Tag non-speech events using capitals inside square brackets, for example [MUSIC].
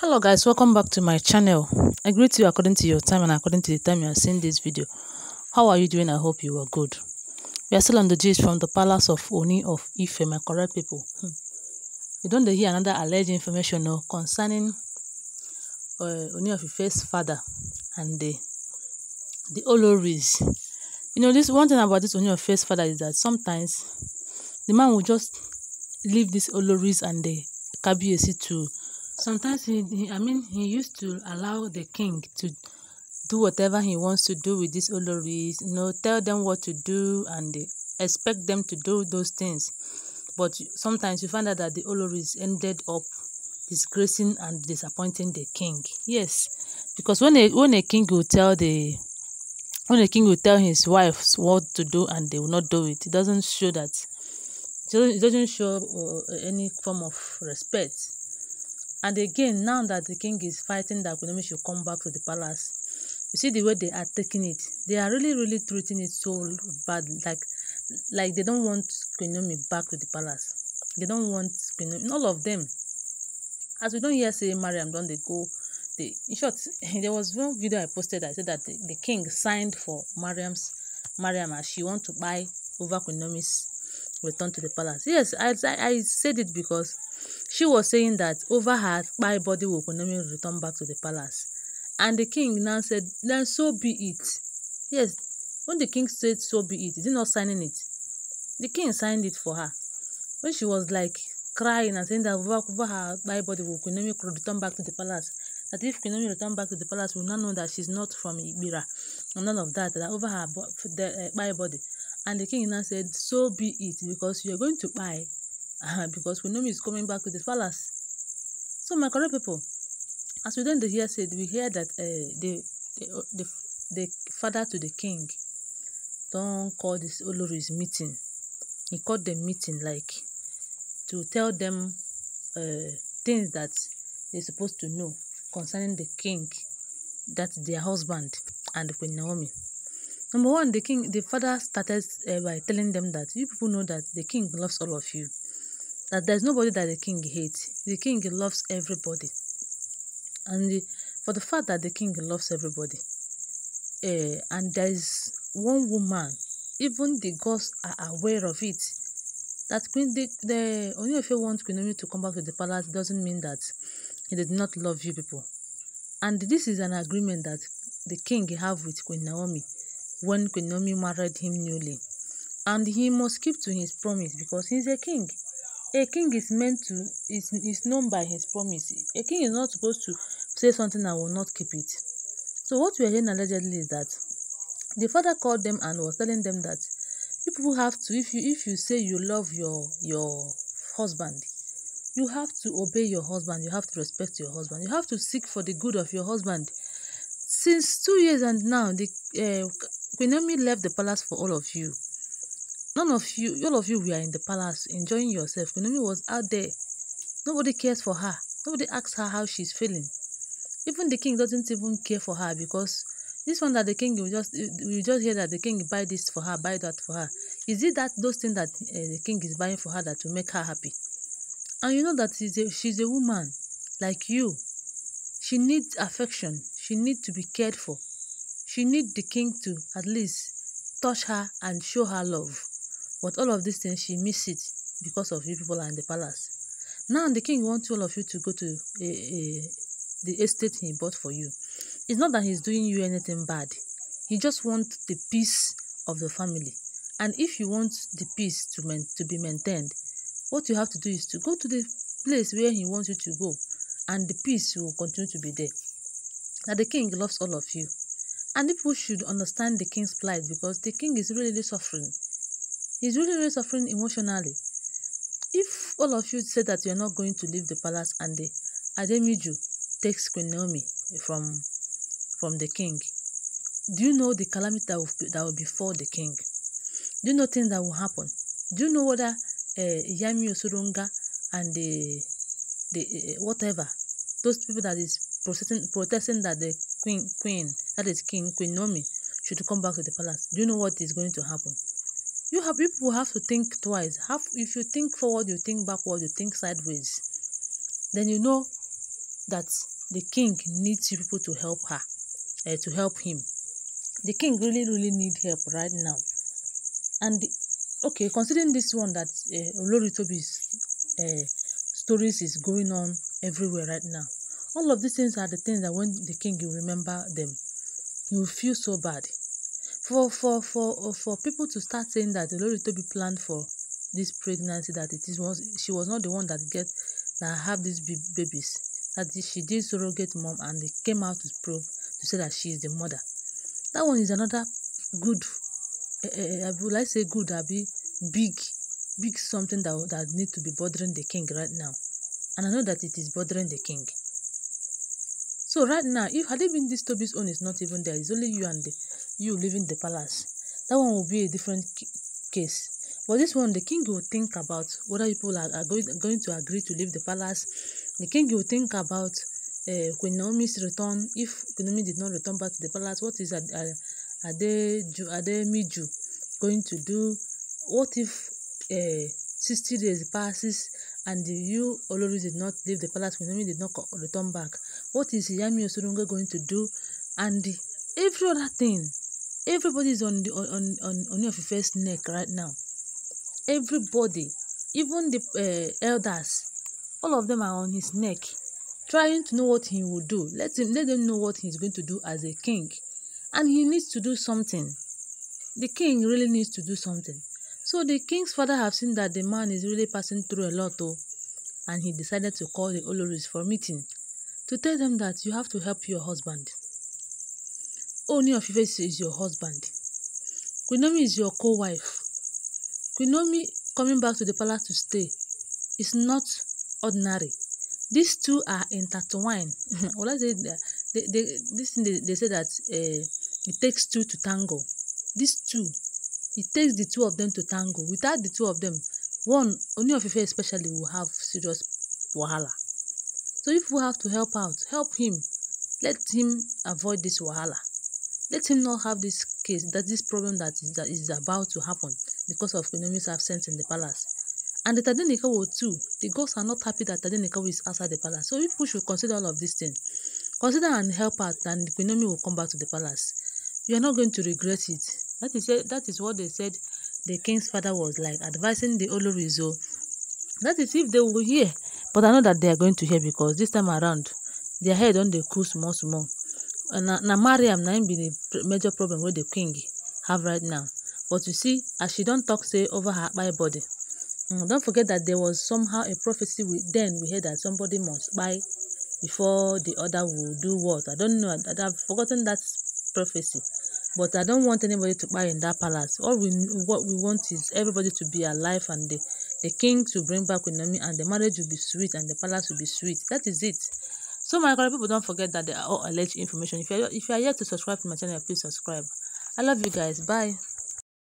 hello guys welcome back to my channel i greet you according to your time and according to the time you are seeing this video how are you doing i hope you are good we are still on the gist from the palace of oni of ife my correct people you hmm. don't hear another alleged information no, concerning uh, oni of ife's father and the the oloris you know this one thing about this oni of ife's father is that sometimes the man will just leave this oloris and the kabiesi to sometimes he, he, I mean, he used to allow the king to do whatever he wants to do with these Oloris, you know, tell them what to do and expect them to do those things. But sometimes you find out that the Oloris ended up disgracing and disappointing the king. Yes, because when a, when a king will tell the when a king will tell his wives what to do and they will not do it, it doesn't show that it doesn't show uh, any form of respect and again, now that the king is fighting that Akunemi should come back to the palace, you see the way they are taking it. They are really, really treating it so bad, like like they don't want Akunemi back to the palace. They don't want Akunemi, all of them. As we don't hear say Mariam, don't they go? They, in short, [LAUGHS] there was one video I posted that said that the, the king signed for Mariam's Mariam as she want to buy over Akunemi's return to the palace. Yes, I, I, I said it because she was saying that over her, my body will Okonemi return back to the palace. And the king now said, Then so be it. Yes, when the king said so be it," he did not sign it? The king signed it for her. When she was like crying and saying that over her, my body will Okonemi return back to the palace, that if Kunomi return back to the palace, we not know that she's not from Ibira, and none of that, that over her the, uh, my body. And the king now said, So be it, because you're going to buy because we know he's coming back to the palace. So, my correct people, as we then the hear said, we hear that uh, the, the, oh, the, the father to the king don't call this Olori's meeting. He called the meeting like to tell them uh, things that they're supposed to know concerning the king, that their husband and Queen Naomi. Number one, the king, the father started uh, by telling them that you people know that the king loves all of you that there's nobody that the king hates. The king loves everybody. And the, for the fact that the king loves everybody, uh, and there's one woman, even the gods are aware of it. That Queen, the, the only if you want Queen Omi to come back to the palace doesn't mean that he did not love you people. And this is an agreement that the king have with Queen Naomi when Queen Naomi married him newly. And he must keep to his promise because he's a king a king is meant to is is known by his promise. A king is not supposed to say something and will not keep it. So what we are hearing allegedly is that the father called them and was telling them that you people have to if you if you say you love your your husband you have to obey your husband you have to respect your husband you have to seek for the good of your husband since two years and now the uh, queen naomi left the palace for all of you None of you, all of you we are in the palace enjoying yourself. Kunomi was out there. Nobody cares for her. Nobody asks her how she's feeling. Even the king doesn't even care for her because this one that the king will just you just hear that the king buy this for her, buy that for her. Is it that those things that uh, the king is buying for her that will make her happy? And you know that she's a, she's a woman like you. She needs affection. She needs to be cared for. She needs the king to at least touch her and show her love. But all of these things, she missed it because of you people and the palace. Now the king wants all of you to go to a, a, the estate he bought for you. It's not that he's doing you anything bad. He just wants the peace of the family. And if you want the peace to, man, to be maintained, what you have to do is to go to the place where he wants you to go. And the peace will continue to be there. Now the king loves all of you. And people should understand the king's plight because the king is really suffering. He's really, really suffering emotionally. If all of you say that you're not going to leave the palace and the Ademiju takes Queen Naomi from, from the king, do you know the calamity that will, that will befall the king? Do you know things that will happen? Do you know whether uh, eh, Yami Osurunga and the, the uh, whatever, those people that is protesting, protesting that the queen, queen, that is King Queen Naomi should come back to the palace? Do you know what is going to happen? you have people have to think twice have if you think forward you think backward you think sideways then you know that the king needs you people to help her uh, to help him the king really really need help right now and okay considering this one that uh, Toby's uh, stories is going on everywhere right now all of these things are the things that when the king you remember them you feel so bad for for for uh, for people to start saying that be planned for this pregnancy that it is was she was not the one that get that have these babies that she did surrogate mom and they came out to prove to say that she is the mother that one is another good uh, uh, would I say good be big big something that that need to be bothering the king right now and I know that it is bothering the king so right now if had it been this Toby's own is not even there it's only you and the you leaving the palace. That one will be a different case. But this one, the king will think about whether people are, are going, going to agree to leave the palace. The king will think about uh, Queen Naomi's return. If Queen Naomi did not return back to the palace, what is Ademiju going to do? What if uh, eh, 60 days passes and you already did not leave the palace, Queen Naomi did not return back? What is Yami Osurunga going to do? And every other thing Everybody's on the on on on your first neck right now. Everybody, even the uh, elders, all of them are on his neck, trying to know what he will do. Let him let them know what he's going to do as a king, and he needs to do something. The king really needs to do something. So the king's father have seen that the man is really passing through a lot, though, and he decided to call the Oloris for meeting to tell them that you have to help your husband. Ooni of Ife is your husband. Kunomi is your co-wife. Kunomi coming back to the palace to stay is not ordinary. These two are intertwined. [LAUGHS] well, I they, they, this thing they, they say that uh, it takes two to tango. These two, it takes the two of them to tango. Without the two of them, one only of Ife especially will have serious wahala. So if we have to help out, help him. Let him avoid this wahala. Let him not have this case, that this problem that is, that is about to happen because of Kunomi's absence in the palace. And the Tadenikawo too, the gods are not happy that Tadenikawo is outside the palace. So we should consider all of these things. Consider and help out and Kunomi will come back to the palace. You are not going to regret it. That is, that is what they said the king's father was like, advising the Olorizo. That is if they will hear. But I know that they are going to hear because this time around, their head on the cool small small na na Mariam na be the major problem wey the king have right now. But you see, as she don't talk say over her by body, mm, don't forget that there was somehow a prophecy we, then we heard that somebody must buy before the other will do what. I don't know. I, I've forgotten that prophecy. But I don't want anybody to buy in that palace. All we what we want is everybody to be alive and the, the king to bring back Nami and the marriage will be sweet and the palace will be sweet. That is it. So my God, people don't forget that they are all alleged information. If you are, if you are yet to subscribe to my channel, please subscribe. I love you guys. Bye.